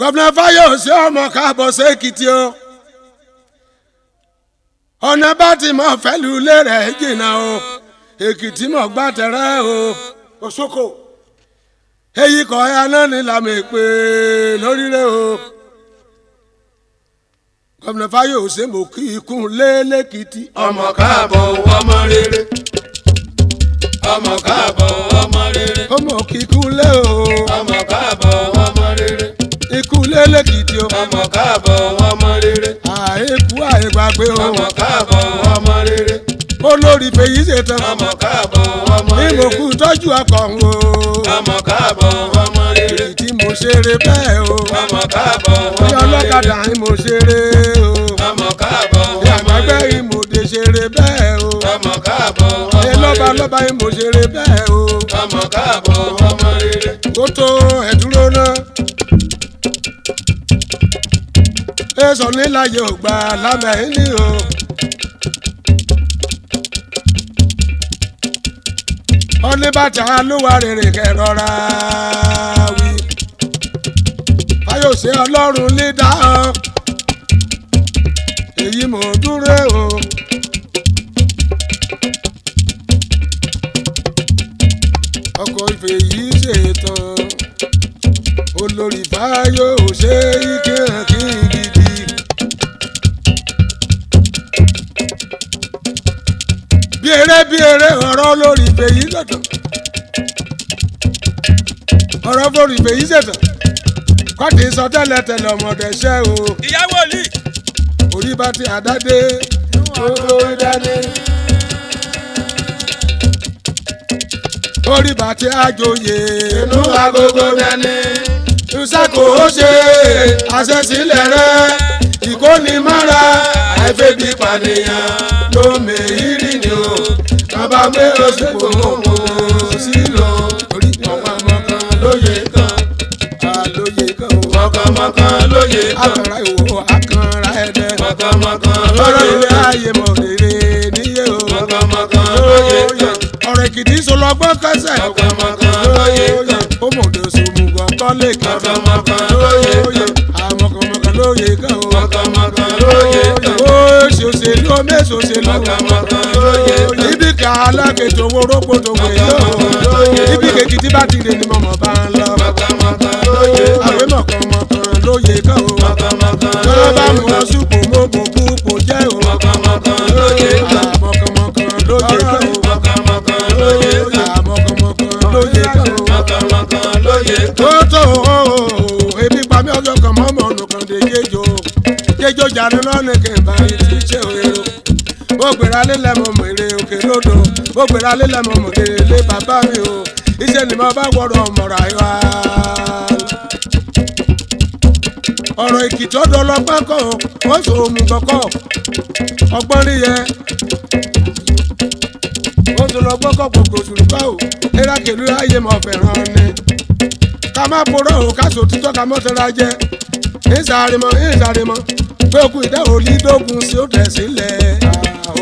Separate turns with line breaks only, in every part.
gọ́vnà fáyọ̀sí ọmọ káàbọ̀ sí èkìtì o ọ̀nà bá ti mọ̀ fẹ́lú ilé rẹ̀ jìnnà o èkìtì mọ̀ gbàtẹ̀rẹ́ o òṣoko èyí kọ́ ẹ aná ni làmì pé lórílẹ̀ o gọ́vnà fáyọ̀sí mọ̀ kí ikún lé lẹ́kìtì. ọmọ káàbọ̀ ọmọ rere ọmọ káàbọ̀ ọmọ rere. ọmọ kíkún lé o. ọmọ káàbọ̀ lélẹ́kìtì o. ọmọ káàbọ̀ ọmọ rere. àìkú àìgbàgbé o. ọmọ káàbọ̀ ọmọ rere. olórí fèyí ṣetán. ọmọ káàbọ̀ ọmọ rere. bí mo kú tọ́jú ọkọ̀ ń o. ọmọ káàbọ̀ ọmọ rere. èyí tí mo ṣeré bẹ́ẹ̀ o. ọmọ káàbọ̀ ọmọ rere. bí ọlọ́kadà ni mo ṣeré o. ọmọ káàbọ̀ ọmọ rere. bí àgbẹ̀gbẹ̀ yìí mo dé ṣeré bẹ́ẹ̀ o. ọmọ káàbọ̀ ọmọ rere. lọ́ba mo ṣeré bẹ́ẹ̀ o. ọmọ káàbọ̀ ọmọ rere. kótó ẹ̀dúró náà. èso níláyé ògbà lábẹ́ ní o. oníbàtà lúwa rèrè kẹrọra wí. fayọ̀sẹ̀ ọlọ́run ní dáhùn èyí mò ń dúró o. ọkọ̀ ìfẹ́ yìí ṣètò olórí fayọ̀sẹ̀ ìkírànkíràn. bí eré bí eré ọ̀rọ̀ lórí ìbè yìí lọ́dọ̀ ọ̀rọ̀ lórí ìbè yìí ṣẹ̀tọ̀ kọ́tì sọ tẹ́lẹ̀ tẹ́lẹ̀ ọmọdé ṣẹ́ o. ìyàwó lì. orí bá ti àdádé. orí dádé. orí bá ti àjòyè. inú agogo dání. ìṣàkó ó ṣe àṣẹsílẹ̀ rẹ̀ ìkóni mọ́ra àìfẹ́bí pàdéyàn lómi gbé oṣù kò mọ̀ wọ́n sí lọ orí ọ̀pá mọ̀kan lóye kan àlóye kan o. mọ̀kan mọ̀kan lóye kan. akànra ìwò akànra ẹ̀dẹ̀. mọ̀kan mọ̀kan lóye kan. ọ̀rọ̀ ilé ayé mọ̀ rere níyẹ o. mọ̀kan mọ̀kan lóye kan. ọ̀rọ̀ èkìtì sọlọ́gbọ́n kẹsẹ̀. mọ̀kan mọ̀kan lóye kan. ó mọ̀ òde sùnmù gọ́ngọ́ lè kan. mọ̀kan mọ̀kan lóye kan. àwọn mọ̀kan lóye kan o. mọ̀kan mọ̀kan lóye kan. ó ṣe òṣèlú ó mẹ́sàn-án òṣèlú. mọ̀kan mọ̀kan lóye kan ìjà alákejì owó rógbòdò wèyí ibi kejì tí bá ti lè ní mọ̀mọ́ bá ń lọ. àwẹ̀ mọ̀kàn mọ̀kàn lóye kan o. tọ́lá bá mú ọ súpò mọ́gùn púpọ̀ jẹ́ o. mọ̀kàn mọ̀kàn lóye kan o. o. mọ̀kàn mọ̀kàn lóye kan o. o. tó tó o ebi pa mí ọjọ́ kan mọ́mọ́ ọ̀nà kan dé kéjo kéjo jà ní lọ́nà kẹ̀mbá ìtúnṣe òye ó gbéra lílẹ̀ mọ̀ mèrè òkè lódò ó gbéra lílẹ̀ mọ̀ mèrè lé bàbá mi o iṣẹ́ ni mo bá gbọ́dọ̀ mọ̀ra yọ ọ̀rọ̀ ìkìtọ́ dọlọ́gbọ́n kọ̀ wọ́n sọ òmù kọ̀kọ́ ọgbọ́n rí yẹ wọ́n sọ lọ́gbọ́n kọ̀ gbogbo òṣùlùkọ́ ò erákèlú ayé mọ̀ fẹ̀ràn ni ká má porọ́ ò ká sọ òtítọ́ ká mọ́ tẹ́ra jẹ ìsàrìmọ̀ ìsàrìmọ̀ pé okùn ìdáhùn lídógún sí ó tẹ̀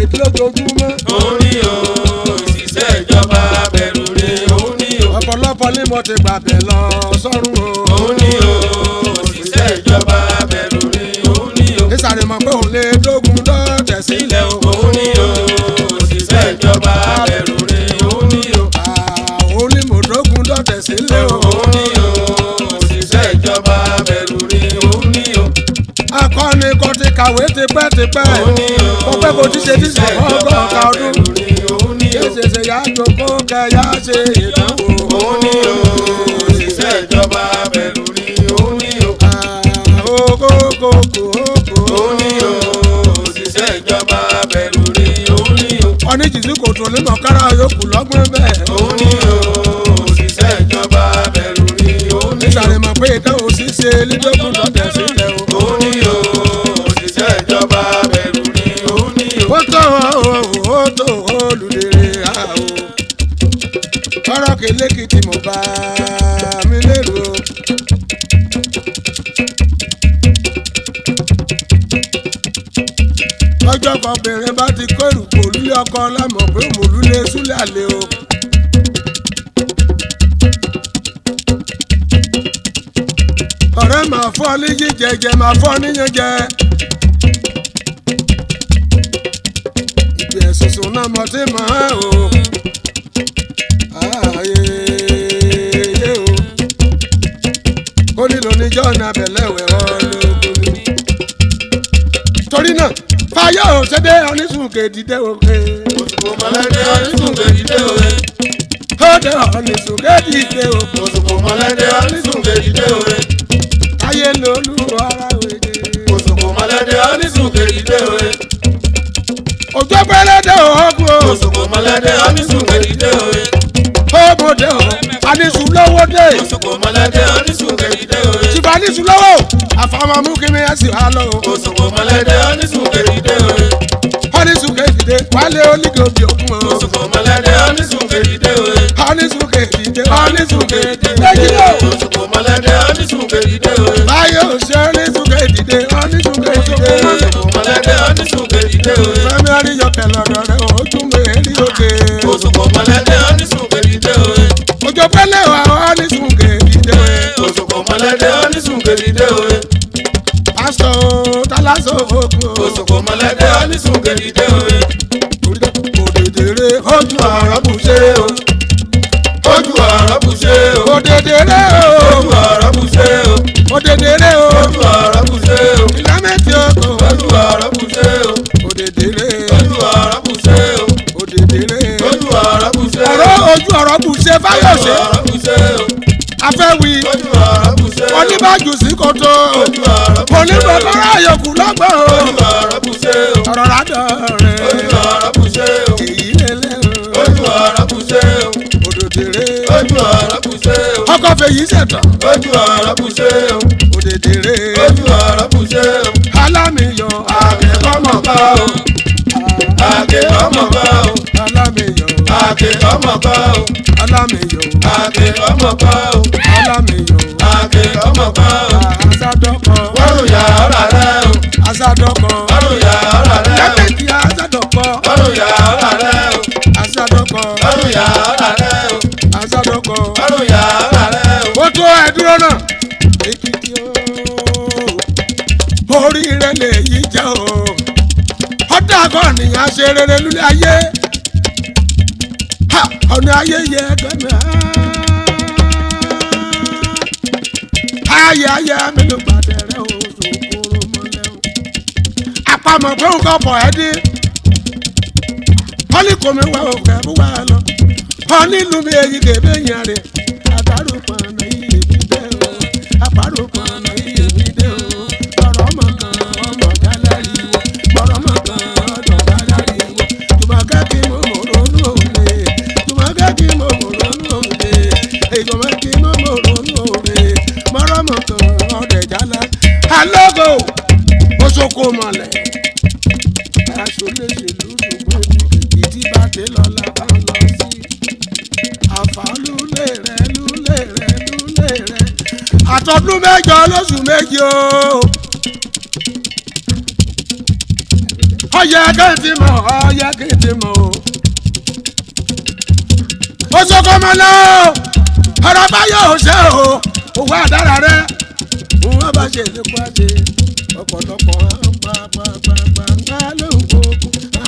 ṣètò lójoojúmọ́. òun ni o òṣìṣẹ́ ìjọba bẹ̀rù re òun ni o. ọ̀pọ̀lọpọ̀ ni mo ti gbàgbẹ́ lọ sọ́run o. òun ni o òṣìṣẹ́ ìjọba bẹ̀rù re òun ni o. ìsàlẹ̀ mọ̀ pé òun lè dógun lọ́tẹ̀ sílẹ̀ o. òun ni o òṣìṣẹ́ ìjọba bẹ̀rù re ah, òun ni o. àwọn ni mo dógun lọ́tẹ̀ sílẹ̀ o. òun ni o òṣìṣẹ́ ìjọba bẹ̀rù re òun ni o. akọni kò ti kàwé tipẹ́tipẹ́. òun ni o kò ti ṣe ti ṣe ọgọ́ta ọdún. Èsèsè yá jòkó kẹ yá ṣe èyí. afọ́niyàn jẹ́. ìgbẹ́ soso náà mo ti mọ̀ ẹ́ o. ó nílò oníjọ́ náà bẹ̀lẹ́wẹ̀ ọlọ́gbọ́n mi. torí náà fàyọ̀ òṣèdè onísùnkè dìde òkè. òṣùpò mọ̀lẹ́dẹ́ onísùnkè dìde òkè. ó dé onísùnkè dìde òkè. òṣùpò mọ̀lẹ́dẹ́ onísùnkè dìde òkè ayé lolú ara òye. òsùnkù mọ̀lẹ́dẹ̀ onísùnkè ìdè òye. òjò pẹ́lẹ́dẹ̀ òògùn o. òsùnkù mọ̀lẹ́dẹ̀ onísùnkè ìdè òye. ọmọdé o anisu lọ́wọ́ dé. òsùnkù mọ̀lẹ́dẹ̀ onísùnkè ìdè òye. tìbà anisu lọ́wọ́ àfàmàmù kí mi ẹ̀ sì wá lọ. òsùnkù mọ̀lẹ́dẹ̀ onísùnkè ìdè òye. onísùnkè ìdè wálé onígòbí òkun o. òsùnkù mọ̀lẹ́dẹ̀ onísùnkè ìdè òye. onísùnkè ìdè onísùnkè ìdè òye ayé òṣè oníṣùkè dìde oníṣùkè dìde mọ̀lẹ́dẹ́ oníṣùkè dìde o. sẹ́mi àríyọ̀kẹ́ lọ́dọ̀ rẹ̀ ó tún gbé èlì e òkè. òṣùpọ̀ mọ̀lẹ́dẹ́ oníṣùkè dìde o. òjò pẹ́lẹ́ wà oníṣùkè dìde o. òṣùpọ̀ mọ̀lẹ́dẹ́ oníṣùkè dìde o. pásítọ̀ tálásọ̀ òkú. òṣùpọ̀ mọ̀lẹ́dẹ́ oníṣùkè dìde o. òdèdèrè ó tún àrọ́bù ṣe o. lójú ọ̀rọ̀ kù ṣe fáyọ̀ṣe afẹ́wì oníbàjù sí kòtò oníbàbára àyọkù lọ́gbọ̀n ọ̀rọ̀ ládọ̀ rẹ̀ èyí lélẹ̀ òdòdèrè ọkọ̀ fèyí ṣẹ̀tọ̀ òdòdèrè alámìyàn àbẹ̀kọ́mọ̀ká o. àkèrè ọmọ kọ́ o. ọlámiyò. àkèrè ọmọ kọ́ o. ọlámiyò. àkèrè ọmọ kọ́ o. àṣàdọ̀kan. wọ́rùyà ọ̀rà rẹ̀ o. àṣàdọ̀kan. wọ́rùyà ọ̀rà rẹ̀ o. jákèjì àṣàdọ̀kan. wọ́rùyà ọ̀rà rẹ̀ o. àṣàdọ̀kan. wọ́rùyà ọ̀rà rẹ̀ o. àṣàdọ̀kan. wọ́rùyà ọ̀rà rẹ̀ o. ó tó ẹ dúró náà. èkìtì o. orí rẹ̀ lè yí jẹ́ o. ọ̀dà kan nìyà ṣe rere lulẹ̀ ayé ọ̀nà ayé yẹ gánà. ayẹyẹ mélòó gbàdẹ rẹ o sòkòrò mọlẹ o. àpamọ̀ pé nǹkan bọ̀ ẹ́ dé. wọ́n ní kò mí wá òkè mú wá lọ. wọ́n nílùú mi èyí kèbé yàn rè. àdárò kan náà yìí èmi bẹ́ẹ̀ o. àpárò kan. lógo oṣoko mọ̀lẹ́. aṣọléṣe ló ṣùgbọ́n ní ìdí bàtẹ́ lọ́la bá ń lọ sí. àfà lúlé rẹ lúlé rẹ lúlé rẹ. àtọ́dún mẹ́jọ lóṣù méje o. ọyẹ kéde mọ ọyẹ kéde mọ o. oṣoko mọ̀lẹ́ o ọ̀rọ̀ bá yóò ṣe o òwe àdára rẹ fún wọn bá ṣe lè pàdé ọ̀pọ̀lọpọ̀ àpapàpàpà lóògùn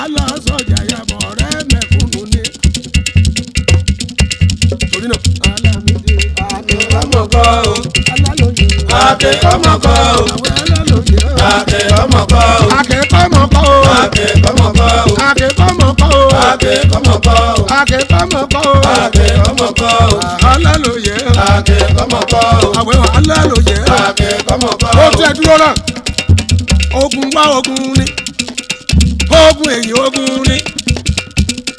alásọjà yàbọ̀ ọ̀rẹ́ mẹ́kúnnù ni. torí náà alámídé àtẹ̀wọ́mọ̀kọ́ o àtẹ̀wọ́mọ̀kọ́ o àtẹ̀wọ́mọ̀kọ́ o àtẹ̀wọ́mọ̀kọ́ o àtẹ̀wọ́mọ̀kọ́ o àtẹ̀wọ́mọ̀kọ́ o àtẹ̀wọ́mọ̀kọ́ o àtẹ̀wọ́mọ̀kọ́ o àtẹ̀wọ́mọ̀kọ́ o àlálòyè àtẹ̀wọ́mọ̀kọ́ o àwẹ̀ àlálòyè ẹ dúró náà ogun wá ogun ni ogun èyí ogun ni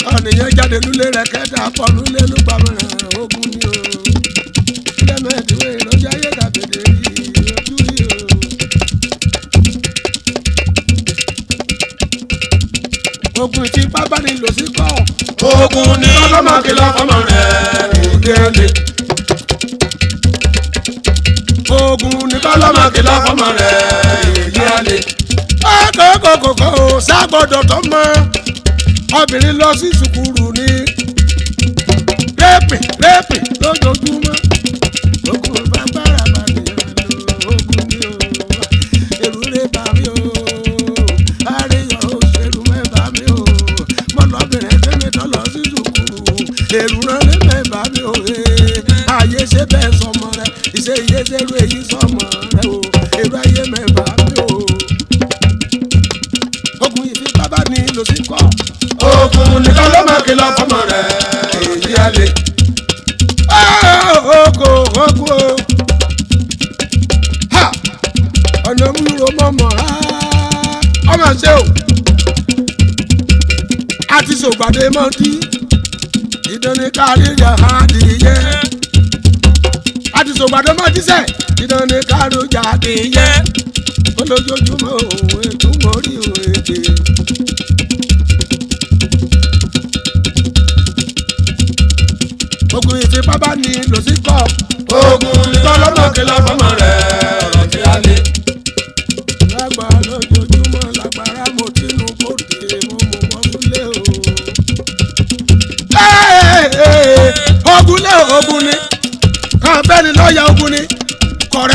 ọ̀nìyàn jáde lulẹ̀ rẹ̀ kẹta pọ̀ lulẹ̀ lùgbàmìràn ogun ni o lẹ́mẹ̀ẹ́dìwé lọ́jà yẹ kàtẹ́dẹ́ yìí ojú yìí o. ogun ti bábá ni lòsí kọ́ ogun ni ọlọ́mọ kìlọ̀ fọmọ rẹ̀ ìgẹ̀lẹ̀ ogun ní kọ́lọ́mà kìlọ̀ fọmọ rẹ̀ ìrèjì alẹ́. kókòkòkò ò ságbọ́dọ̀ tó mọ́ obìnrin lọ sí sùkúrù ní rẹ́pì rẹ́pì lójoojúmọ́. ogun fagbára bá mi ogun mi ò èrú lè bá mi o àríyàn òṣèlú mẹ́bà mi o mọ́lọ́bìnrin tẹ́mi tọ́ lọ sí sùkúrù èrú náà lè mẹ́bà mi o àyè ṣe bẹ́ẹ̀ sọ ṣe iye dẹ́rù èyí sọmọ rẹ o èrò ayé mẹ́fà mi o. ogun ìfi bàbá ni lò sí kọ́. ogun nìkan ló máa kìlọ̀ fọmọ rẹ èyí á lè. oko oko ha ọ̀nà mú ro mọ́mọ́ ha ọmọ ṣe o àti sògbàdé mọ́tí ìdánilkárí yàrá dìyẹ sògbàdo náà jíṣẹ́ ìdán ni kárọ̀jà ti yẹ olójoojúmọ́ òwe tó mórí òwe dé. ogun ìfipábánilò sí kọ́ ogun ìtọ́lọ́mọ̀kẹ́lá fọmọ rẹ̀.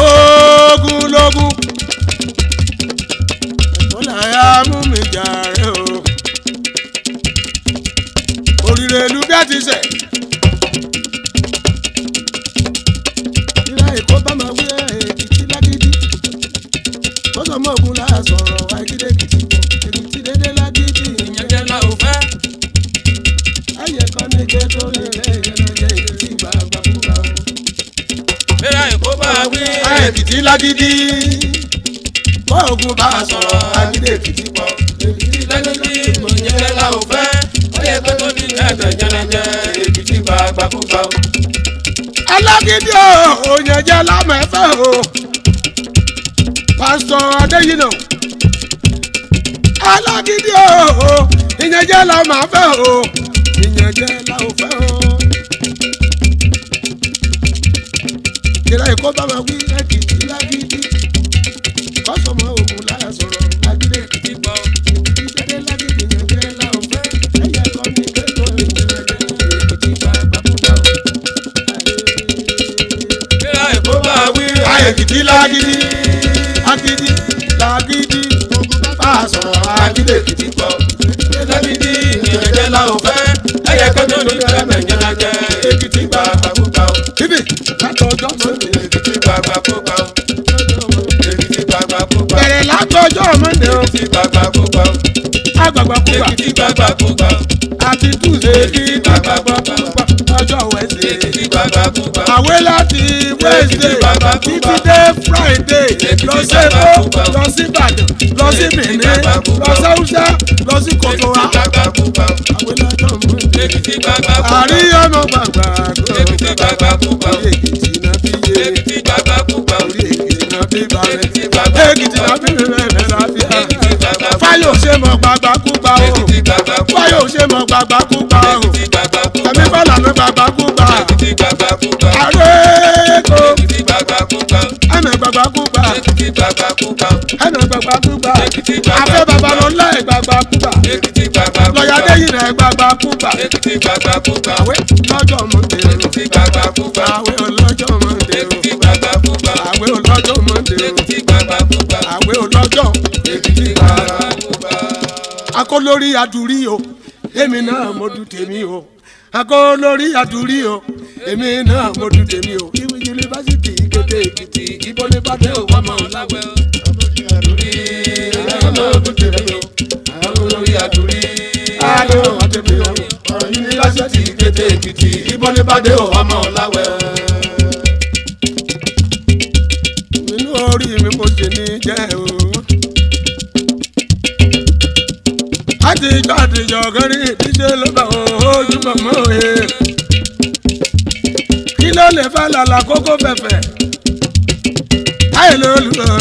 ogun lógún ẹ̀tọ́ làyà mú mi jàre o òrìrè ìlú bí a ti sẹ̀. ìlà èkó bá máa wí èkìtì lágídí bọ́sọ̀ mọ́ ogun là á sọ̀rọ̀ àìkídé èkìtì mọ́ èkìtì dédé lágídí. ìyẹn jẹ́ la ò fẹ́. ayẹ̀kọ́ ni jẹ́ tó lè rẹ̀ yẹn lọ ìlera èkó bá wí. àìbìtì lágídí mọ́ọ̀gùn bá a sọ̀rọ̀ agídé èkìtì pọ̀. èkìtì lágídí ìmọ̀jẹ́ la ò fẹ́ ó yẹ pé tó ní ẹ̀tọ́ jẹnẹjẹ èkìtì bá a gbà fún gbà o. alágídí o òyìnjẹ lámẹ́fẹ́ o pásítọ̀ adéyínà alágídí o ìyẹn jẹ́ la máa fẹ́ o ìyẹn jẹ́ la ò fẹ́ o. ìlà èkó bá máa wí èkìtì lágídí kọ́sọ̀mọ́ òkú lára sọ̀rọ̀ lágídí èkìtì gbọ́ èkìtì tẹ́lẹ̀ lágídí nàìjíríà làwọn fẹ́ ẹ̀yà kan ní kẹ́tọ́ èkìtì bá bàbúdà o. ìlà èkó bá wí èkìtì lágídí lágídí lágídí bá bẹ̀rẹ̀ látọjọ́ mọ́ndé o. agbàgbà kúgbà àti túnṣe ọjọ́ wẹ́sẹ̀. àwẹ̀ láti wẹ́sẹ̀ títí dé friday lọ sí èkó lọ sí ìbàdàn lọ sí mìíní lọ sí haúsá lọ sí kòtò wa. àríyànmọ́ sáré èkìtì láti rí rẹ̀ láfíà fáyọ̀ ṣe mọ̀ gbàgbàkúgbà o fáyọ̀ ṣe mọ̀ gbàgbàkúgbà o tẹ̀mí fàlànà gbàgbàkúgbà àrèkò ẹnà gbàgbàkúgbà ẹnà gbàgbàkúgbà afẹ́ babalọ́lá ẹ̀ gbàgbàkúgbà lọ́yà déyìn rẹ̀ gbàgbàkúgbà àwẹ̀ lọ́jọ́ mọ̀ tẹ̀lé àwẹ̀ ọlọ́jọ́ mọ̀ ọlọ́jọ́ mọ́ndé o àwẹ̀ ọlọ́jọ́ akólórí adúrí o èmi náà mo dùn tèmi o akólórí adúrí o èmi náà mo dùn tèmi o ìwé yunifásitì ìkété èkìtì ìbọn ní bàtẹ́ ò wá mọ̀ láwẹ̀ o adúrí náà mo dùn tèmi o akólórí adúrí àlọ́ àtẹ̀mí o ọ̀rọ̀ yunifásitì ìkété èkìtì ìbọn ní bàtẹ́ ò wá mọ̀ láwẹ̀ o. kò sì ní jẹ́ o. àtijọ́ àtijọ́ kẹrí ìdíje ló bá wọn ojú bọ̀ mọ́ òye. Eh. kí ló lè fẹ́ lọ́la kókó fẹ̀fẹ̀? àìlè olùdó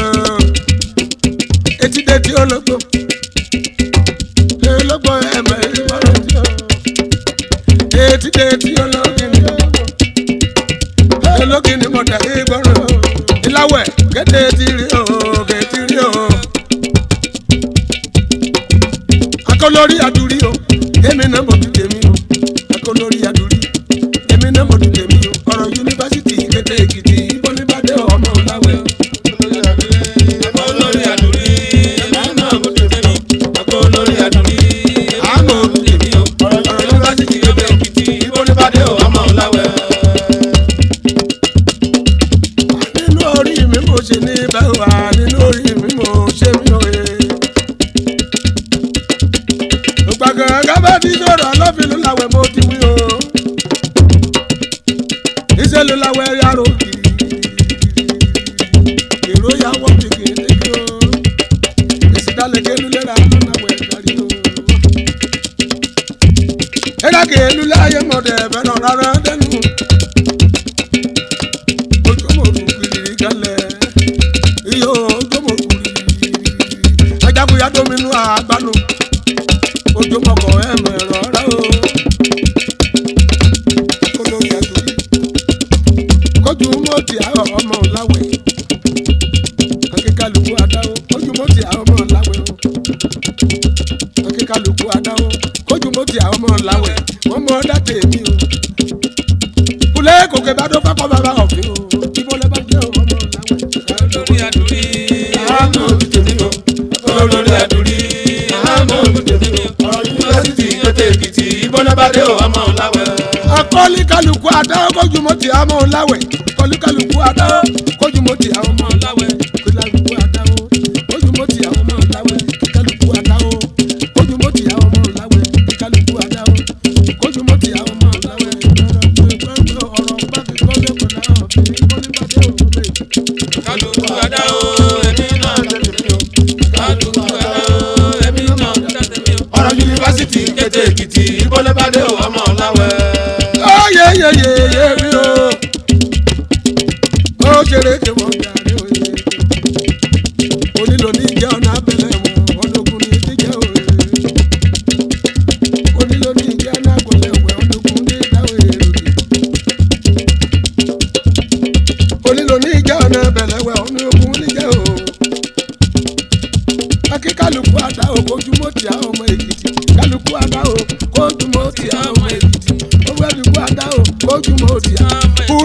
lójúmọ́ ti á mọ́ ọ láwẹ̀.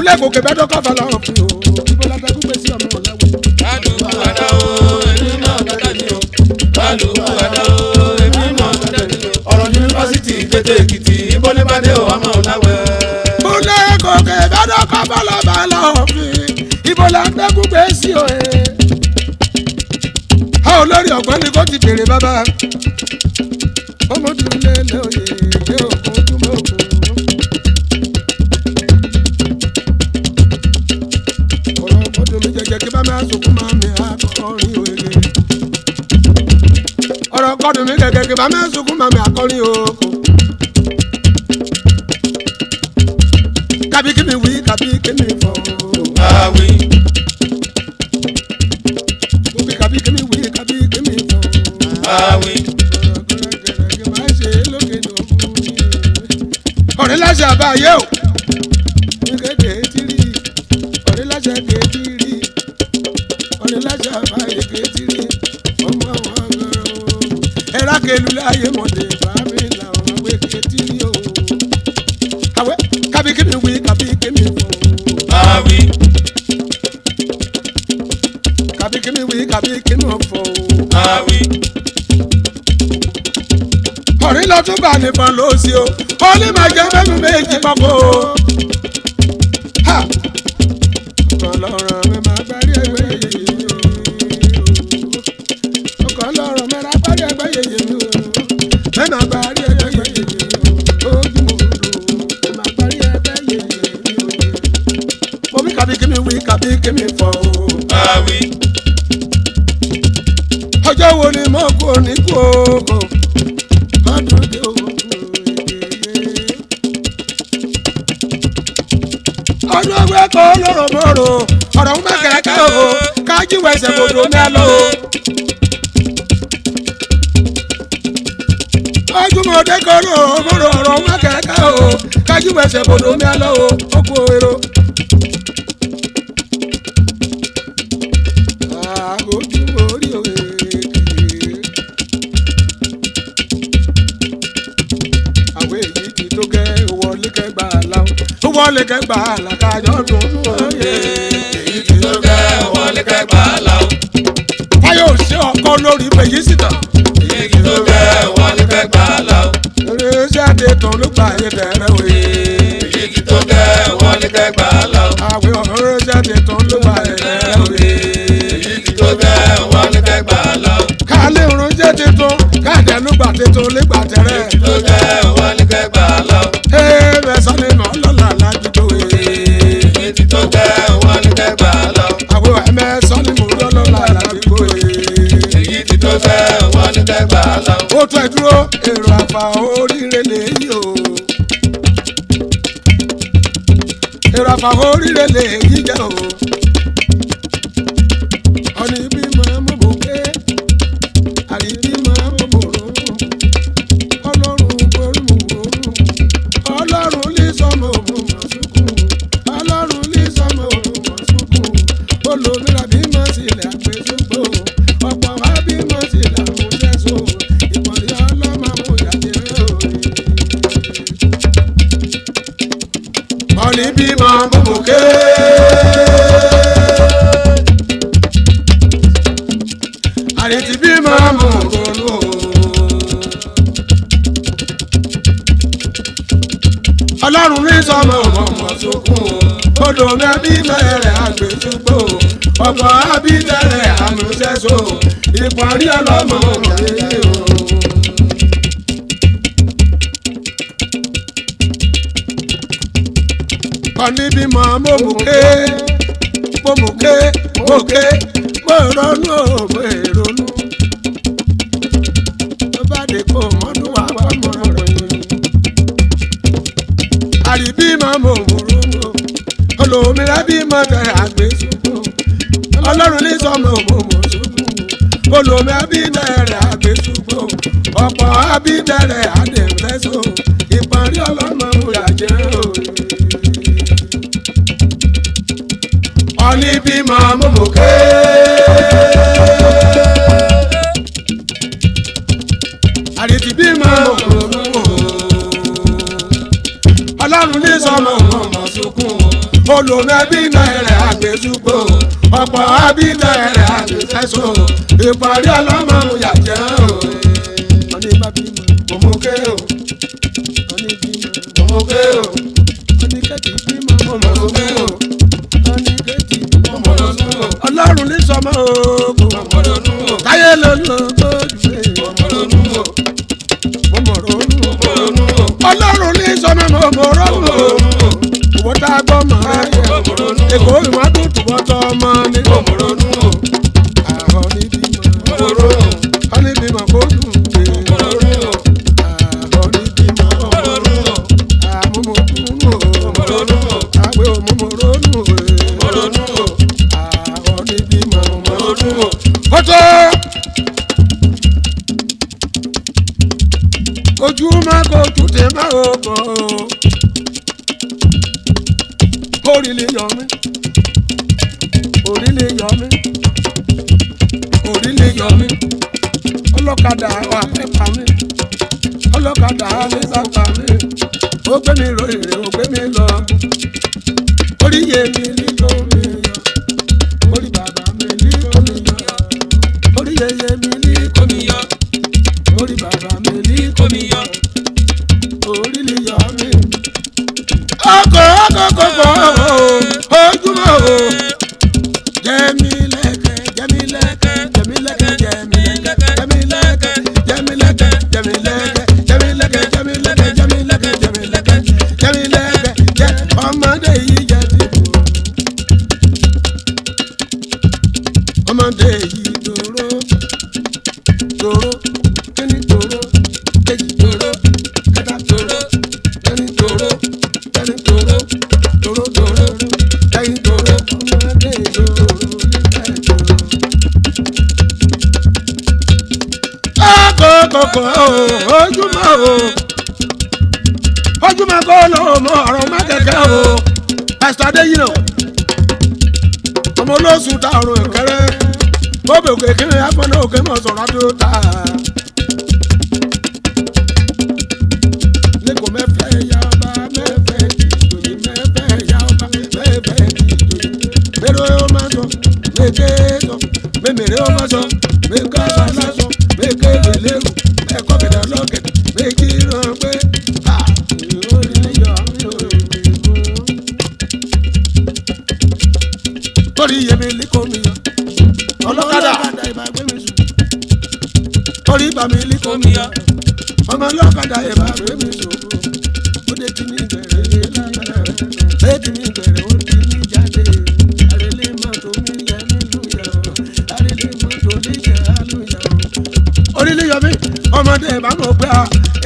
ilé gòkè bẹ́ẹ̀ dọ́kọ̀ fẹ́ lọ́rùn fún o ibo la fẹ́ gbé sí ọmọ ọ̀làwẹ̀. bálù wàdà o èmi mọ̀ ọ̀kadà mi o bálù wàdà o èmi mọ̀ ọ̀kadà mi o ọ̀rọ̀ yunifásitì kété èkìtì ibo ní bàdé o ọmọ ọ̀làwẹ̀. ilé gòkè bẹ́ẹ̀ dọ́kọ̀ fẹ́ lọ́rùn fún ibo la fẹ́ Kabi kí mi wí, kabi kí mi fọ̀. Àwí. Mo fi kabi kí mi wí, kabi kí mi fọ̀. Àwí. Ọ̀rẹ́ láṣẹ àbáyé o. tún gbà nìbọn lóòsì o ó ní màjẹ́ mẹ́rin méjì mọ́kò o. fẹsẹ̀ gbòdò ní àlọ́ o. ojúmọ̀dé kọ́rọ̀ ọmọrọ̀ ọ̀rọ̀ ọmọ kẹ̀kẹ́ o kájú fẹsẹ̀ gbòdò ní àlọ́ o ó kú èrò. ojúmọ̀ orí òwe. àwọn èyí ti tó gẹ́ wọlé kẹgbàá làwọn wọlé kẹgbàá làkájọ́ dùn. tuntun ló gba ayé tẹ̀rẹ̀ òye. èyí tó kẹ́ wọ́n ní kẹ́ gbà lọ. àwẹ̀ ọ̀hún ṣe tuntun ló gba ayé tẹ̀rẹ̀ òye. èyí tó kẹ́ wọ́n ní kẹ́ gbà lọ. kálí irun jẹ́ tuntun káàdì ẹnu gbà tuntun lè gbà tẹ̀rẹ̀. èyí tó kẹ́ wọ́n ní kẹ́ gbà lọ. ee mẹ́sàn-án ni mọ̀ ń lọ́la lájú tó wé. èyí tó kẹ́ wọ́n ní kẹ́ gbà lọ. àwẹ̀ mẹ́sàn-án ni mọ̀ ń lọ́la lájú tó wé. èyí tó kẹ́ wọ́n ní kẹ́ gbà lọ. ó tún ẹ dúró èrò àpá oríire lè bàbá oríire lè jíjẹ o. ọ̀pọ̀ abídẹ̀rẹ̀ so. ìpọ̀nrí ọlọ́mọ kàyé o. kọ́ni bímọ mo mú ké mo mú ké mo ké mo ronú o ronú. tó bá dé kó mọ́dún wá wá mọ́ rẹ̀. àríbí mọ́ mo wúrú mo olómìnira bí mo tẹ̀ àgbésù ọlọ́run ní sọmọ òbòbò ṣubú olùmọ̀ abídẹ̀rẹ̀ àgbẹ̀ṣubú ọ̀pọ̀ abídẹ̀rẹ̀ àdẹ̀fẹ́sọ̀ ìparí ọlọ́mọ òyàjẹ́ òní. ọ̀ní bímọ mọ̀mọ́ké. àrètí bímọ mọ̀mọ́ké. ọlọ́run ní sọmọ òmọ̀mọ̀ sunkún olùmọ̀ abídẹ̀rẹ̀ àgbẹ̀ṣubú ọ̀pọ̀ abílẹ̀ rẹ̀ àbẹ̀sẹ̀sọ ìparí ọlọ́mọ yàjẹ́ o. òmùké o òmùké o òmùké o ọlọ́run ní sọmọ oògùn káyé lọ́nà tó o. ọlọ́run ní sọmọ mọ̀mọ́rọ́ mọ̀ òwò tá a gbọ́ mọ̀ o. èkó ìwọ́n. coco. sùn táàrùn ìkẹrẹ bóbè òkè kí ni afọ náà òkè mọ̀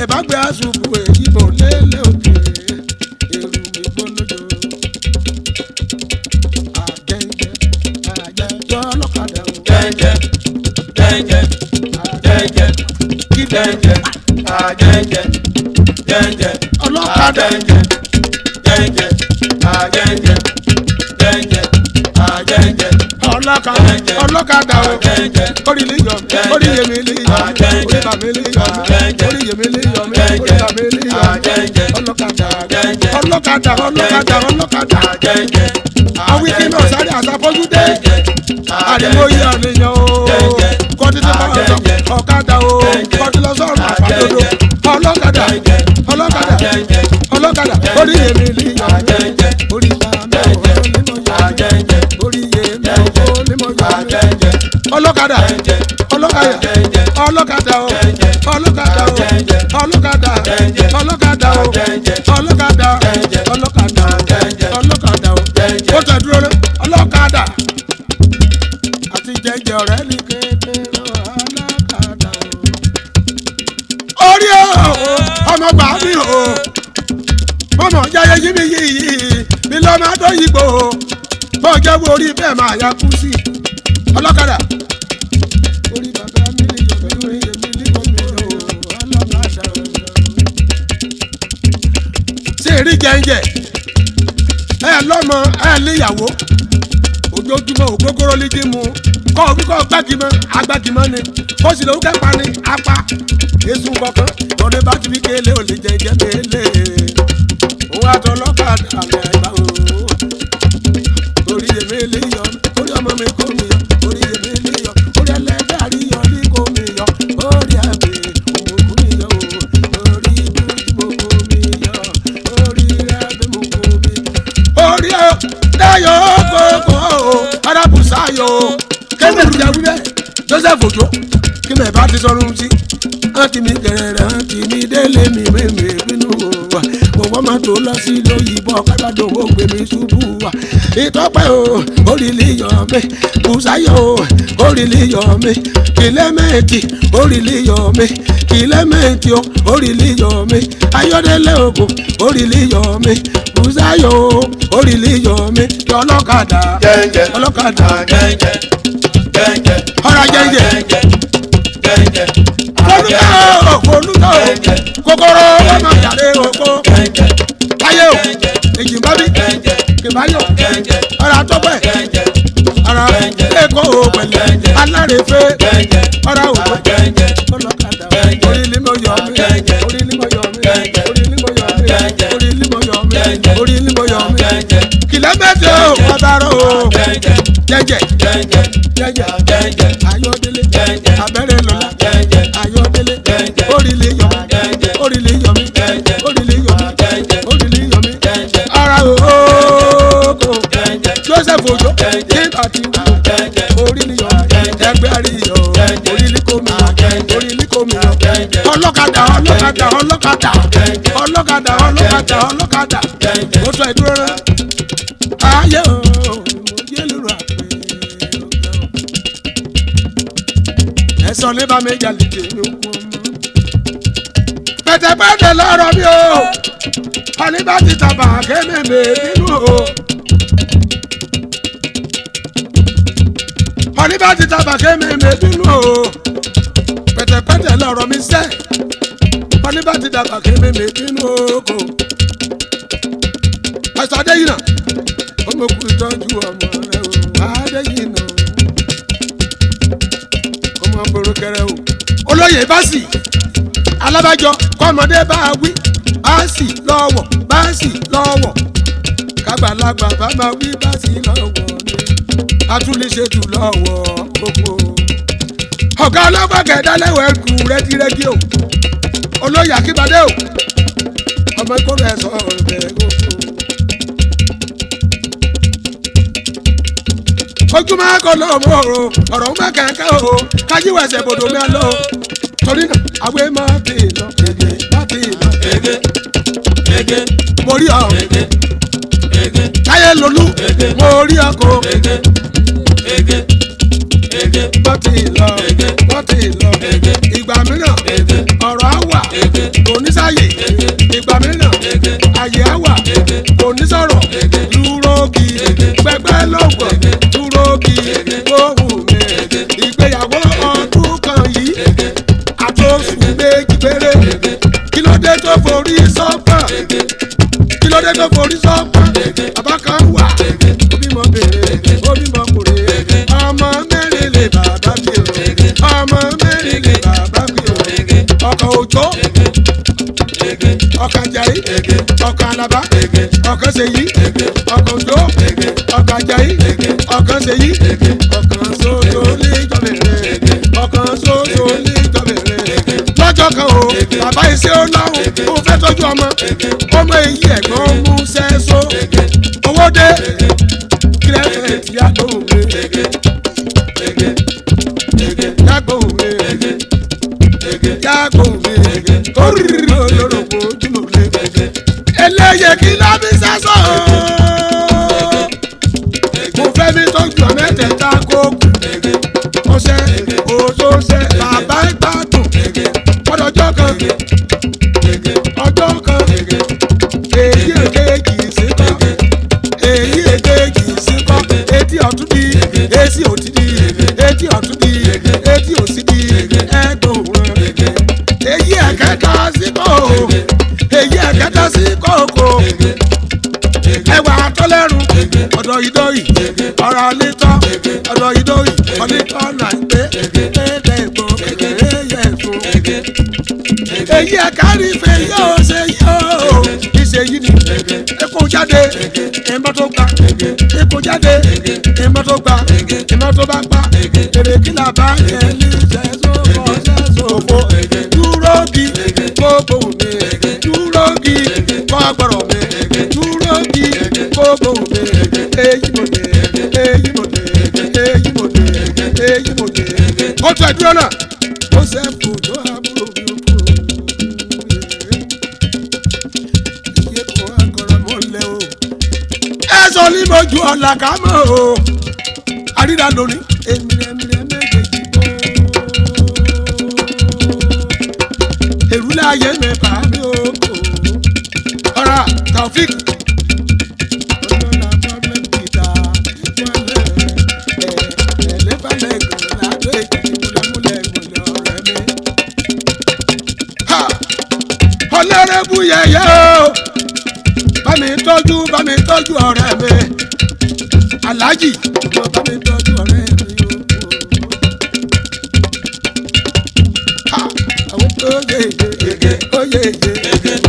ìbágbé àsùnkù èyíbò lélẹ̀ òkè èrú ìgbónojo àjẹjẹ àjẹjọ ọlọ́kadà o. jẹjẹ jẹjẹ jẹjẹ kí jẹjẹ àjẹjẹ jẹjẹ ọlọ́kadà jẹjẹ jẹjẹ àjẹjẹ tálákà ọlọ́kadà o orí ilé yọ̀ mí orí yèmí ilé yọ̀ mí orí bàmí ilé yọ̀ mí orí yèmí ilé yọ̀ mí orí bàmí ilé yọ̀ mí ọlọ́kadà ọlọ́kadà ọlọ́kadà ọlọ́kadà awíkí náà sáré àtàfọ́júdé àdìmóyè àníyàn o kọ́dídé bá wọn sọ ọ̀kadà o kọ́dídé sọ̀rọ̀ àpàdodo ọlọ́kadà ọlọ́kadà ọlọ́kadà orí yèmí ilé yọ̀ mí orí. ọlọ́kadà ọlọ́kadà ọlọ́kadà o ọlọ́kadà o ọlọ́kadà ọlọ́kadà o ọlọ́kadà ọlọ́kadà ọlọ́kadà o ó tẹ̀ dúró lé ọlọ́kadà àti jẹjẹ ọ̀rẹ́ ní kété ọlọ́kadà o. orí o ọmọ gbà mí o mọ̀mọ́ jẹ́yẹ yí mi yí yí mi lọ́ọ́ máa dọ́ yìí gbò ó bọ́ọ̀ jẹ́ wo orí bẹ́ẹ̀ máa yá kú sí i ọlọ́kadà. ṣé èrí jẹ́njẹ́ ẹ lọ́mọ ẹ níyàwó ojoojúmọ́ ògógóró lójú mu kọ́ òbí kọ́ gbàgìmọ́ agbàgìmọ́ ni kó sì lówó kẹ́pà ni apá èso kankan lọ́dẹ bá ti fi kéle ò lè jẹ́jẹ́ mélé òun àtọ́ ọlọ́kadà lẹ́ àgbà òun torí yẹ mélé yìí. sayo koko arabu sayo kẹmẹ ìjà wíwẹ joseph ojo kẹmẹ bá ti sọ̀rọ̀ ohun sí rántí mi gẹrẹ rántí mi délé mi mímí bínú wa ògùn wọ́n máa tó lọ sí lóyìnbó kábàdàn owó gbèmí ṣubú wa. ìtọ́pẹ́ o orílẹ̀ yọ̀ mi bùsáyọ̀ o orílẹ̀ yọ̀ mi kìlẹ́mẹ̀tì orílẹ̀ yọ̀ kìlẹ́mẹ̀tì o orílẹ̀ yọ̀ mi ayọ̀dẹ̀lẹ̀ ògùn orílẹ̀ yọ̀ mi bùsáyọ̀ o orílẹ̀ yọ̀ mi kí ọlọ́kadà ọlọ́kadà jẹ́njẹ́ ọ̀rọ̀ jẹ́njẹ́ jẹ́njẹ́ o, olùkọ́ kòkòrò ọmọ ìyàlẹ́ ayé o èjì bá bí kìbáyò ọ̀rọ̀ àtọ́pẹ́ ọ̀rọ̀ ẹ̀kọ́ o pẹ̀lẹ́ alárèéfé ọ̀rọ̀ òwò ọlọ́kadà orí ni mo yọ mí orí ni mo yọ mí orí ni mo yọ mí orí ni mo yọ mí orí ni mo yọ mí kìlẹ́mẹ́tì o pàtàrọ̀ o jẹjẹ jẹjẹ ayọ̀délé abẹ́rẹ́ lọ́la ayọ̀délé orí lè yọ mí orí lè yọ mí ooo Joseph Ojo king àti wúlò orí ni yọ ẹgbẹ́ àríyọ orí ni kò mí orí ni kò mí ọlọ́kadà ọlọ́kadà ọlọ́kadà ọlọ́kadà ọlọ́kadà ọlọ́kadà ó tọ́ ẹ dúró rẹ ayé ooo yẹlẹ rà pé ẹ sọ ní bá mi jalè tèmi ó kú ọmọ pẹ̀tẹ̀pẹ̀tẹ̀ lọ́rọ̀ mi o àníbá ti tàbà kémèmè nínú o. àníbá ti tàbà kémèmè nínú o. pẹ̀tẹ̀pẹ̀tẹ̀ lọ̀rọ̀ mi sẹ́ àníbá ti tàbà kémèmè nínú o. pásítọ̀ adéyìnà ọmọ kù ìtọ́jú ọmọ rẹ o adéyìnà ọmọ borokẹrẹ o olóyè bá sì alábàjọ kọ́mọdé bá wí báàsì lọ́wọ́ báàsì lọ́wọ́ kábàlágbà bàbá wí báàsì lọ́wọ́ atúnléṣe jù lọ́wọ́ gbogbo. ọ̀gá ọlọ́pàá kẹ̀dá lẹ́wọ̀ ẹ̀kú rẹ́gírẹ́gí o olóyè akíbadé o ọmọ ìkórè ẹ̀sọ́ ọ̀rẹ́ gbogbo. ojúmọ́ akọlọ́ ọmọ o ọ̀rọ̀ ọmọ kẹ̀kẹ́ o kájíwèsè bòdò mi lọ torí náà àwọn èèmọ̀ bèè lọ bèè bá mo rí ọ káyé lolú mo rí ọkọ wọ́n ti lọ wọ́n ti lọ ìgbà mìíràn ọ̀rọ̀ á wà kò ní sáyè ìgbà mìíràn àyè á wà kò ní sọ̀rọ̀ dúró kì í pẹpẹ lọ́gbọ̀n dúró kì í gbóhùn mi ìgbéyàwó ọdún kan yìí àtòsùn méjì péré kí ló dé tó forí sí ọmọdé kan forí sọ́kùn abaka wa obi ó bímọ bèrè ó bímọ kòrè ọmọ mẹ́rin lè bàbá mi o ọmọ mẹ́rin lè bàbá mi o ọkọ̀ òjò ọkọ̀ ajayi ọkọ̀ alaba ọkọ̀ ṣèyí ọkọ̀ òjò ọkọ̀ ajayi ọkọ̀ ṣèyí ọkọ̀ soso ní ìjọbẹ̀rẹ̀ ọkọ̀ soso ní ìjọbẹ̀rẹ̀ lọ́jọ́ kan o bàbá iṣẹ́ ó náwó tọ́jú ọmọ ọmọ èyí ẹ̀gbọ́n mú sẹ́só owó dé kílẹ̀fẹ̀ yàgò òwe yàgò òwe yàgò òwe kórìrì olóró ojú lòlẹ̀ eléyè kí lábí sẹ́só. gbọ́rọ̀ mi dúró di gbogbo mi èyí mo dé èyí mo dé èyí mo dé èyí mo dé. ó tẹ dúró náà ó ṣe kù tó àbúrò mi ó kú iye kò àgọ́rọ̀ mọ́ lẹ́ o. ẹ sọ ní mojú ọ̀la ká mọ̀ o àrídà lónìí. oyeye oyeye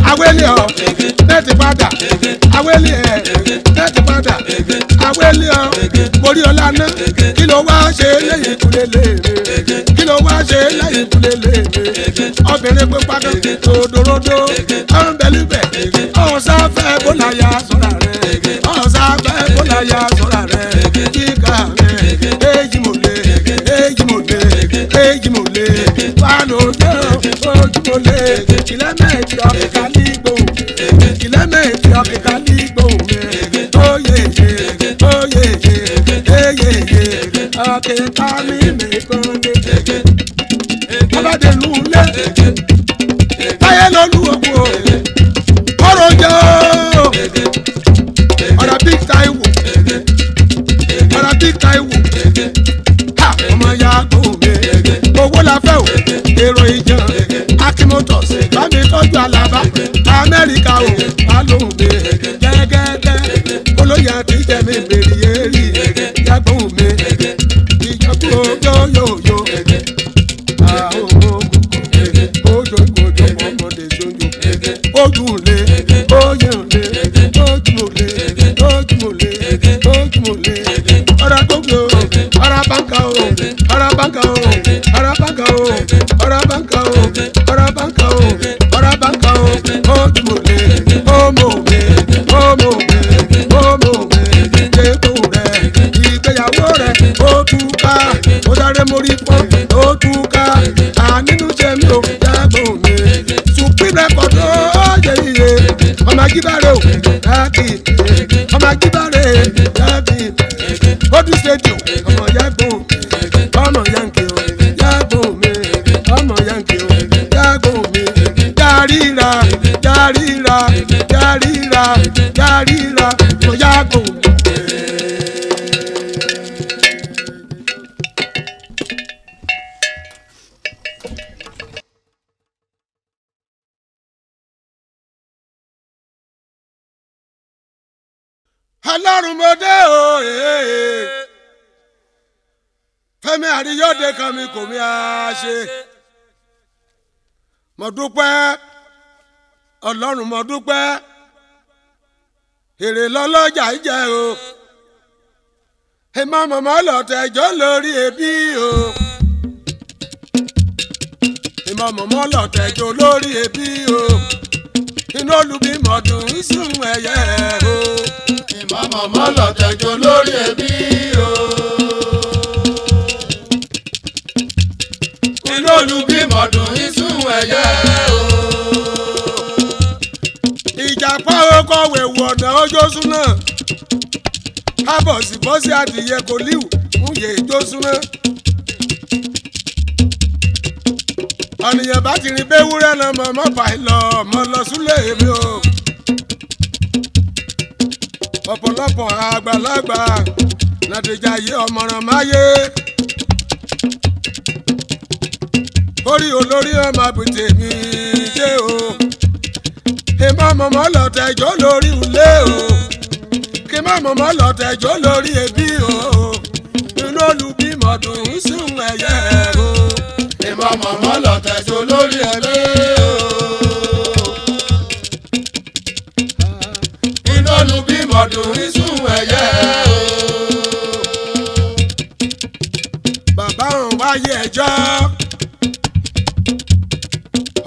awele ọ nẹẹti padà awele ẹ awele ọ borí ọlá ná kí ló wá ṣe lẹ́yìn ìkúlẹ lèèrè kí ló wá ṣe lẹ́yìn ìkúlẹ lèèrè obìnrin pípa kan ròdòròdò ọrùn bẹlíbẹ ọ̀sán fẹ́ bọ́lá ya sọ́ra rẹ̀ ọ̀sán fẹ́ bọ́lá ya rẹ̀. ṣọlẹ̀ ìjìlẹ̀ mẹ́ẹ̀tì ọ̀kẹ́kẹ́ nígbò ìjìlẹ̀ mẹ́ẹ̀tì ọ̀kẹ́kẹ́ nígbò oyè oyè eyè ọ̀kẹ́kẹ́ mi mẹ́kọ́ ní. ọlọ́dẹ̀lú lé táyé lọ́lú òkú ọ̀rọ̀ jẹ́ ọ̀rọ̀ bíi táìwò ọ̀rọ̀ bíi táìwò ká ọmọ yàgò mi owó la fẹ́ o èrò bámi tọ́jú alaba amẹ́ríkà o alóhùn mi gẹ́gẹ́dẹ́ olóyè àti jẹ̀mí bèrè yéèrì jágbóhùn mi ìjọkú ojó yòòyò àwọn ojó ìkòjò ọmọdé sójú ojú lé oyè lé ojú lé ojú lé ojú lé ọ̀rá gbogbo ọ̀rá bánkà o ọ̀rá bánkà o ọ̀rá bánkà o. mórí pọ́n ó túká àmínú jẹ́mi ò jágbọ́n mi supreme record ó yẹ iye ọmọ agíbáre ò dábì ọmọ agíbáre dábì odu stadium ọmọ yàgbọ́n ọmọ yankee ò yàgbọ́n mi ọmọ yankee ò yàgbọ́n mi jàríra jàríra jàríra jàríra. ọlọ́run mo dé o eh, eh, eh. fẹ́mi àríyóde kan mi kò mi á ṣe mo dúpẹ́ ọlọ́run èrè lọ́lọ́jà jẹ́ o ẹ má mọ̀mọ́ lọ́tẹ̀jọ́ lórí ẹbí o ẹ má mọ̀mọ́ lọ́tẹ̀jọ́ lórí ẹbí o inú olùbímọ dùn ìsùn ẹyẹ o. ìmọ̀mọ̀mọ́ lọ́tẹ̀jọ́ lórí ẹbí o. inú olùbímọ dùn ìsùn ẹyẹ o. ìjàpá ọkọ̀ wẹ̀wù ọ̀nà ọjọ́ súná kábọ̀sì bọ́sì adìyẹ kò líwù ń yè ìjó súná. ọ̀nìyàn bá ti rìn béwúrẹ́ lọ mọ̀ mọ́ báyìí lọ mọ́ lọ súlẹ̀ èmi o. ọ̀pọ̀lọpọ̀ àgbàlagbà nàdìjà yé ọmọràn máyé. orí olórí ọmọ àbùtè mi ṣe o. ìmọ̀ mọ̀mọ́ lọ́tẹ̀jọ́ lórí ulé o. kí má mọ̀mọ́ lọ́tẹ̀jọ́ lórí ẹbí o. inú olùbímọ dùn ún sùn ẹ̀yẹ o mọ̀mọ́ lọ tẹ̀sọ́ lórí ẹbí o. iná nu bí mọ̀dùn ìsún ẹ̀yẹ o. bàbá òun wáyé ẹjọ́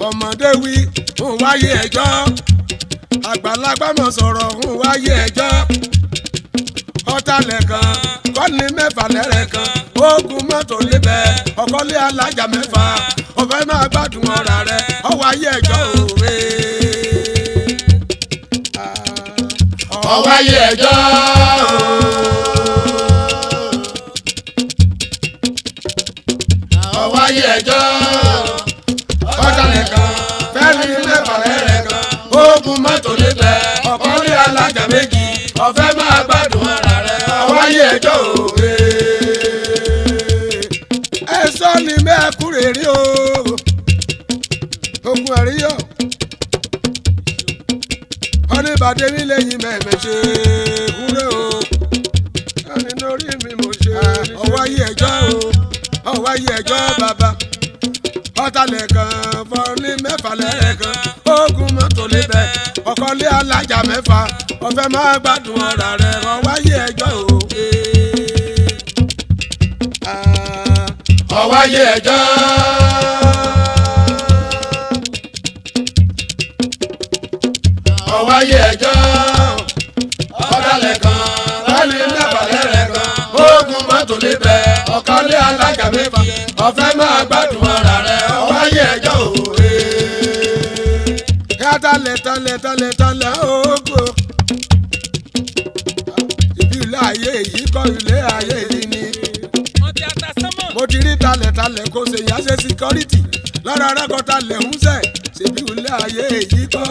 ọmọdé wí òun wáyé ẹjọ́ àgbàlagbà mọ̀ sọ̀rọ̀ òun wáyé ẹjọ́ ọ̀tá lẹ̀kan kọ́ni mẹ́fà lẹ́rẹ̀ kan ogun mọ́tò níbẹ̀ wọlé alájà mẹ́fà ọ̀fẹ́ máa gbádùn ọ̀rà rẹ ọwọ́ ayé ẹjọ́ òwe. ọwọ́ ayé ẹjọ́ ọ̀fẹ́ máa. pàdé mi lẹ́yìn mẹ́mẹ́ ṣe kúrẹ́ o. ẹni lórí mi mo ṣe. Ah, ọwọ́ ayé ẹjọ́ o ọwọ́ ayé ẹjọ́ bàbá. ọ̀tàlẹ̀ kan fọ́nlé mẹ́fà lẹ́rẹ̀ kan ogun mọ́tò lébẹ̀ ọ̀kọ́lé alájà mẹ́fà ọ̀fẹ́ máa gbádùn ọ̀rà rẹ̀ ọwọ́ ayé ẹjọ́ o. Ah, ọwọ́ ayé ẹjọ́. tún níbẹ̀ ọ̀kan lé alága méjì ọ̀fẹ́ máa gbádùn ara rẹ̀ ọ̀wá yẹ ẹjọ́ òwe. kátà lẹ́tọ̀lẹ́tọ̀lẹ́tọ̀lẹ́ ògo ìbílẹ̀ ayé yìí kọ́ ilé ayé yìí ni. mo ti rí talẹ̀talẹ̀ kó ṣe yá ṣe síkọ́rìtì lọ́rọ̀ rẹ́kọ̀tà lẹ̀ ń sẹ̀ ṣèbí ilé ayé yìí kọ́.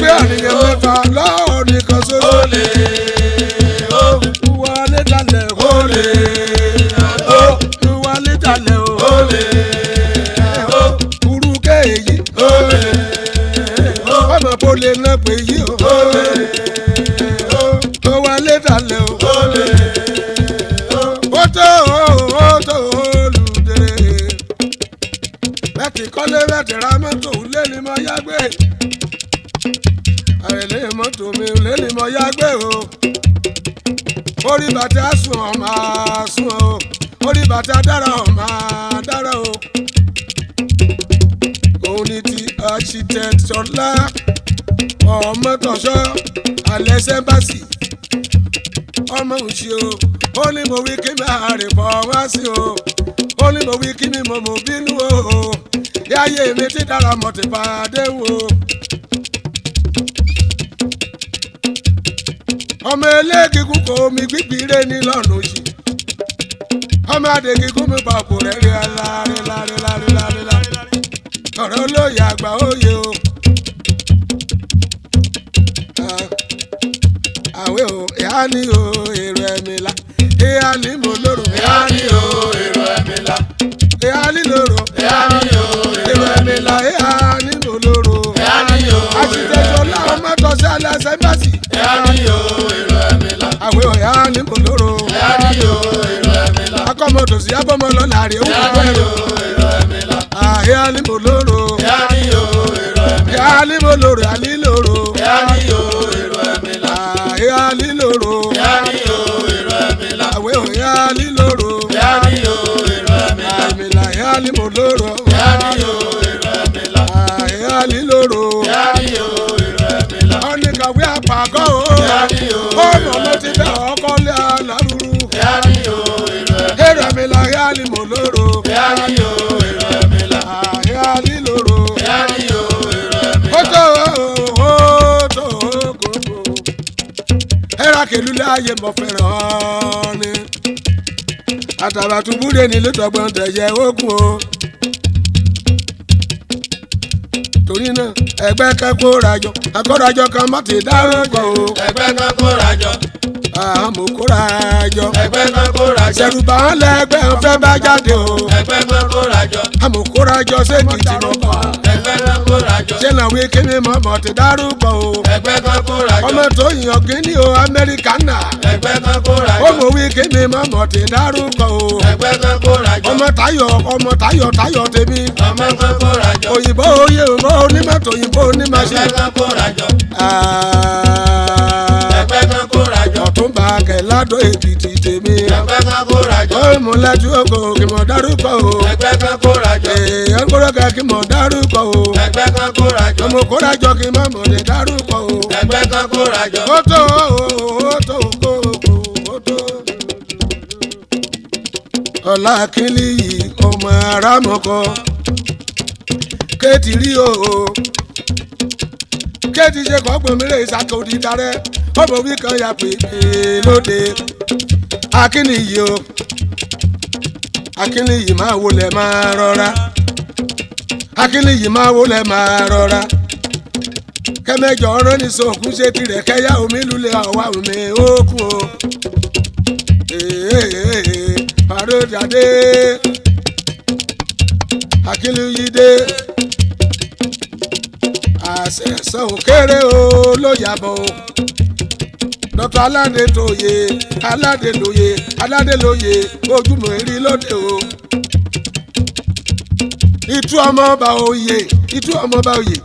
pé àníyàn mo wí kí mi àárẹ̀ pọ̀ wá sí o ó ní mo wí kí mi mo mú bínú o yáyé mi ti dára mọ̀ ti pàdé wo. ọmọ eléèkìkú kò mi gbígbìrè ní lọ́nà òsì ọmọ adèkì kú mi bàbò rẹ̀ rí alárí lárí lárí lárí lárí ọ̀rọ̀ olóyè àgbà òye o. agbọ́mọ lọ́la rè ó wà lọ́yọ̀. àyè alimo lóró. alimo lóró aliloro. àyè aliloro. àwẹ̀ òyà aliloro. àmìlà àyè alimo lóró. àyè aliloro. ọ̀nìkàwé àpàgọ́ o. Òkèlú láàyè mọ̀ fẹ́ràn ni Àtàbàtúbú dé ní lótọ́gbọ́n tẹ̀yẹ ogun o. torí náà ẹgbẹ́ kan kó rajọ akọ́rajọ kan má ti dárúkọ o. ẹgbẹ́ kan rajọ àmukúra jọ. ẹgbẹ́ náà kóra jọ. ṣẹ̀rùbá lẹ́gbẹ́ ń fẹ́ bá jáde o. ẹgbẹ́ náà kóra jọ. àmukúra jọ ṣé kìtì mọ́ kọ́. ẹgbẹ́ náà kóra jọ. ṣé làwọn ekele mọ̀mọ́ ti dárúgbọ̀ o. ẹgbẹ́ náà kóra jọ. ọmọ tó yàn gíní o amẹ́ríkà nà. ẹgbẹ́ náà kóra jọ. ọmọ wí kíni mọ̀mọ́ ti dárúgbọ̀ o. ẹgbẹ́ náà kóra jọ. ọmọ tayọ ọmọ tayọ tayọ tèmi. ọmọ náà kóra jọ. òyìnbó ń bá kẹ̀ ládùn ètìtì tèmi. ẹgbẹ́ kan kó rajọ. ó mú lẹ́tí ògo kí mo dárúkọ o. ẹgbẹ́ kan kó rajọ. èèyàn ń kóró kẹ́ kí mo dárúkọ o. ẹgbẹ́ kan kó rajọ. ọmọ kó rajọ kí má mọ̀ ní dárúkọ o. ẹgbẹ́ kan kó rajọ. ó tó ó tó kó ó tó. ọ̀la kílí yìí ọmọ arámọ̀kọ kéètì rí o kéètì ṣe kọ́ gbòmìnira ìsàkó dídarẹ́ kọ́bọ̀ wí kan ya pèpè lóde akínníyì o akínníyì máa wọlé máa rọra akínníyì máa wọlé máa rọra kẹmẹjọ ọ̀rọ̀ ní sọkún ṣe tirẹ̀ kẹyà omi lulẹ̀ ọwà omi òkun o parodade akínníyìdé àṣẹ sọ òkèrè o ló o dọ́tọ̀ aládélóye aládélóye aládélóye ojúmọ̀ èrí lóde o. itú ọmọ ọba oyè itú ọmọ ọba oyè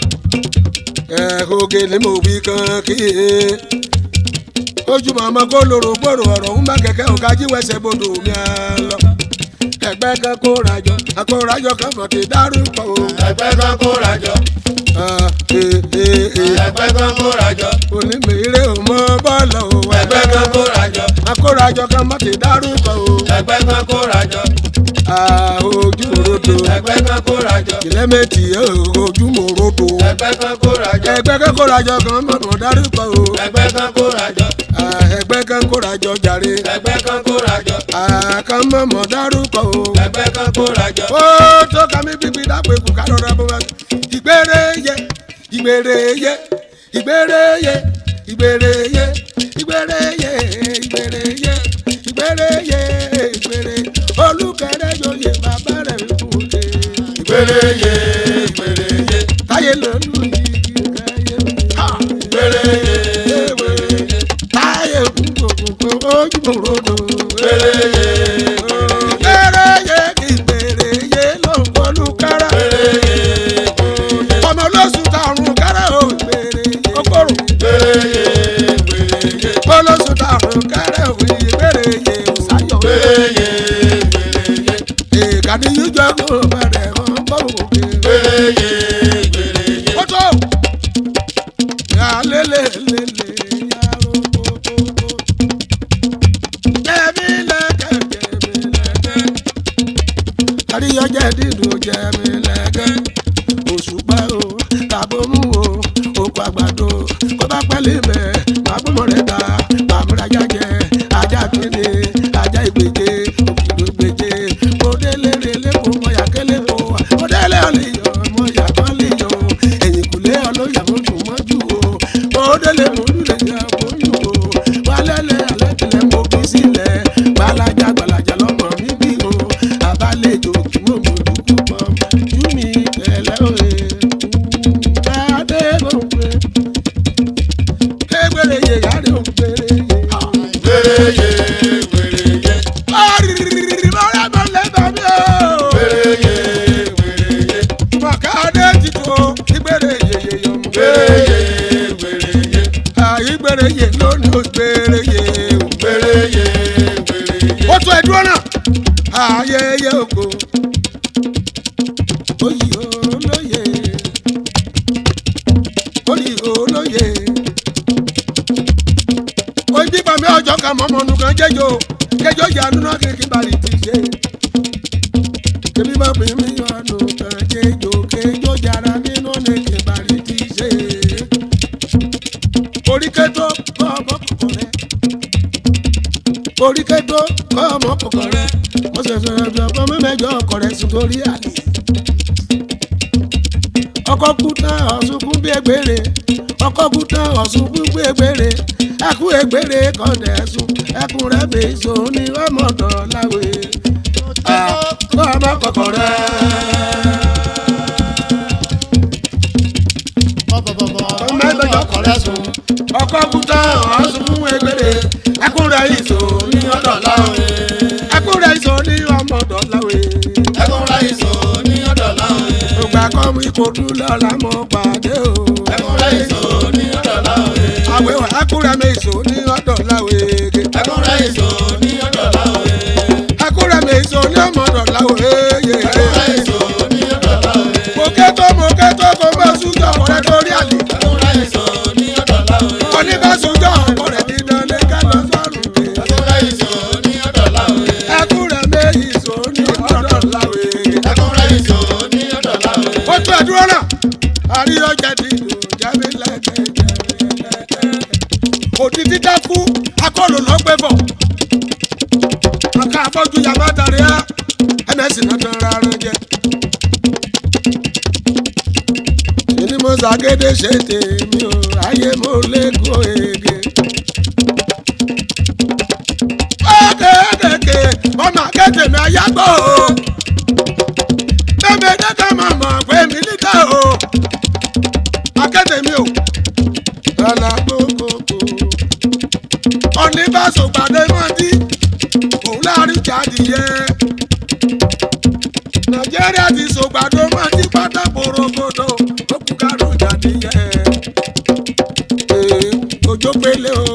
ẹ̀ẹ́dógè ni mo wí kan kí e. ojúmọ̀ ọmọ kó lóru gbòòrò ọ̀rọ̀ ń bá kẹ̀kẹ́ òkà jíwèsè bodò mi à ẹgbẹ́ kan kóra jọ àkórajọ kan mọ̀ kí dárúkọ o. ẹgbẹ́ kan kóra jọ. ẹgbẹ́ kan kóra jọ. onímìíràn ò mọ bọ́ọ̀lù o. ẹgbẹ́ kan kóra jọ. àkórajọ ti mọ̀ kí dárúkọ o. ẹgbẹ́ kan kóra jọ. ojú mòrodo. ẹgbẹ́ kan kóra jọ. kìlẹ́mẹ̀tì ojú mòrodo. ẹgbẹ́ kan kóra jọ. ẹgbẹ́ kan kóra jọ kan dárúkọ o. ẹgbẹ́ kan kóra jọ. ẹgbẹ́ kan kóra jọ jàre. ẹgbẹ́ kan èèyàn kan mọ̀ mọ̀ dárúkọ o. pẹpẹ kan kó rajọ. ó tó ka mí bíbí dápò ikú ká lọ́ra bó ma tó. ìgbére yẹ ìgbére yẹ ìgbére yẹ ìgbére yẹ ìgbére yẹ ìgbére yẹ ìgbére yẹ ìgbére olùkẹ́rẹ́ joyè bàbá rẹ̀ ń kú òde. ìgbére yẹ ìgbére yẹ. táyé ló lù ní igi káyé mi. ìgbére yẹ ìgbére yẹ. táyé kú gbogbo ojúmọ̀ rògbò. orí kédo kọ́ ọmọ kọ̀kọ̀ rẹ mo sì sọ̀rọ̀ ẹ̀jọ̀ ọkọ mẹ́mẹ́jọ ọkọ rẹ sùn torí àlè. ọkọ kú tán ọ̀sùn kún bí egbèrè ọkọ kú tán ọ̀sùn kún bí egbèrè ẹkú egbèrè kọ̀dẹ̀ ẹ̀sùn ẹkùn rẹ̀ mi sọ ní ọmọdọ̀ láwé kọ́ ọmọ kọ̀kọ̀ rẹ. ọmọ ẹgbẹ̀jọ ọkọ sùn ọkọ kú tán ọ̀sùn kún egbèrè ẹkúnrẹ́ ìṣó ní ọ̀dọ̀ láwẹ̀. ẹkúnrẹ́ ìṣó ní ọmọ ọ̀dọ̀ láwẹ̀. ẹkúnrẹ́ ìṣó ní ọ̀dọ̀ láwẹ̀. ògbà kan mú ìkòdú lọ́la mọ́ pàdé o. ẹkúnrẹ́ ìṣó ní ọ̀dọ̀ láwẹ̀. àwẹ̀ ẹkúnrẹ́ mi ìṣó ní ọ̀dọ̀ láwẹ̀. ẹkúnrẹ́ ìṣó ní ọ̀dọ̀ láwẹ̀. ẹkúnrẹ́ mi ìṣó ní ọmọ ọ̀dọ̀ láwẹ̀. ẹkúnrẹ́ ìṣó ní ọ̀dọ̀ láwẹ̀. mo gente jógbélé o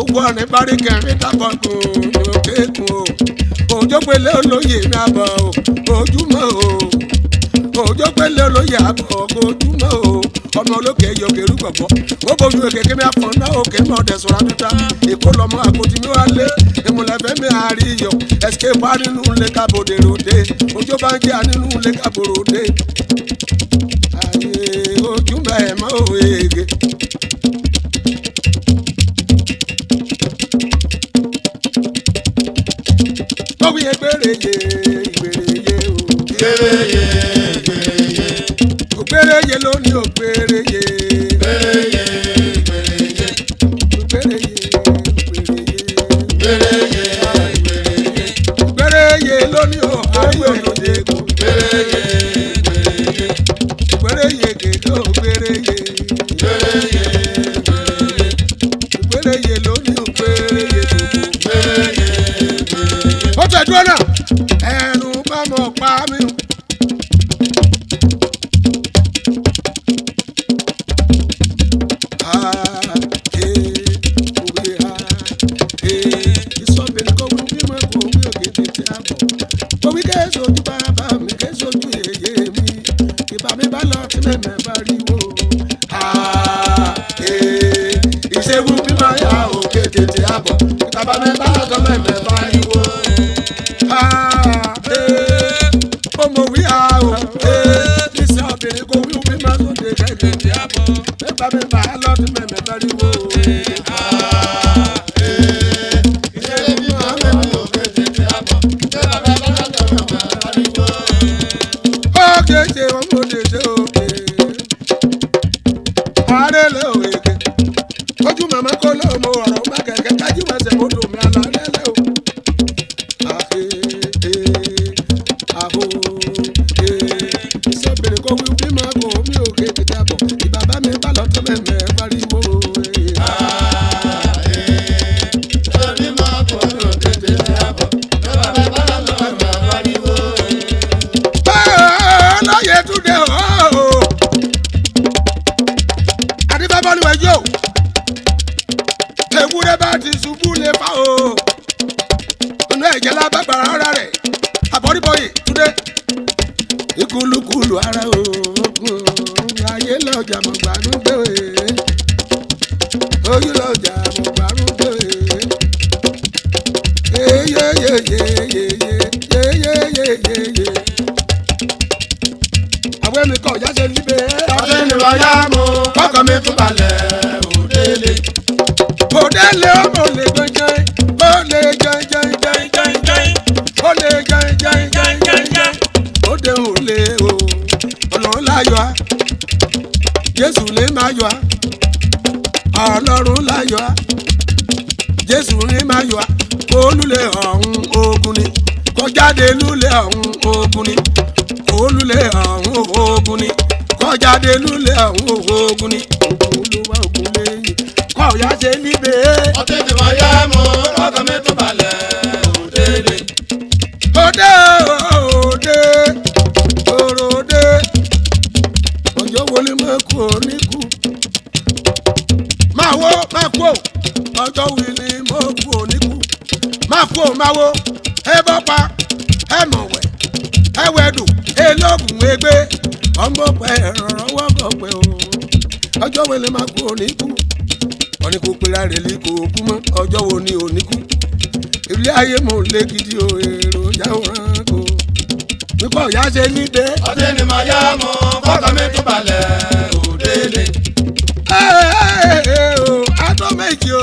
owó ọ̀rẹ́ bárí kẹrin dábọ̀ gùn lókè gùn o òjógbélé olóyè mi o ojúmọ́ o òjógbélé olóyè àbọ̀ ojúmọ́ o ọmọ olókè yọkè rúgbọ̀gbọ́ ó bójú èkéké mi àfọ̀n náà òkè mọ̀ ọ̀dẹ̀sọ̀rọ̀ àdúrà èkó lọ́mọ àkótí mi wá lé ìmùlẹ̀fẹ́ mi àríyọ̀ ẹ̀sìkè bá nínú ilé kábòdè ròde òjò bá ń jẹ́ nínú ilé kábòdè ròde ayé ojúmọ̀ ẹ̀ mọ́ òye. Ye ye gbèrèyé ye. o. gbèrèyé gbèrèyé. ògbèrèyé ló ní ye. jeje I'm lè ṣe o. o ebe ewedu elobu egbe ọmọpẹ ẹrọrọwọ ọgbọpẹ o ọjọ́ wo lè máa kú oníkú oníkú pera rẹ̀ lè ni ayé mo lé gidi o èrò yàwòrán kò nípa ọ̀yá ṣe ní dé. ọtí ni yá mọ kọ́kọ́ mi tún balẹ̀ ẹ ẹ ẹ o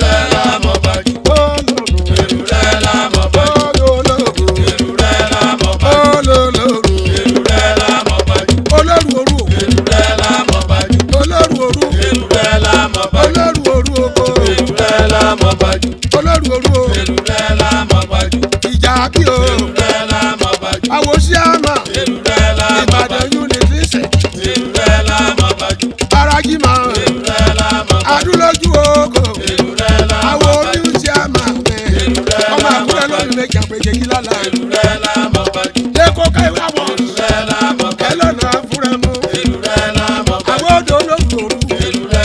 lè jàpé jẹ́yìn lọ́la. èlù rẹ̀ la mọ̀ bàjẹ́. ṣé kó ká ìwà wọ̀. èlù rẹ̀ la mọ̀ bàjẹ́. ẹlọ́nà afúnrẹ́ mu. èlù rẹ̀ la mọ̀ bàjẹ́. àwọn odò olóòtòrú. èlù rẹ̀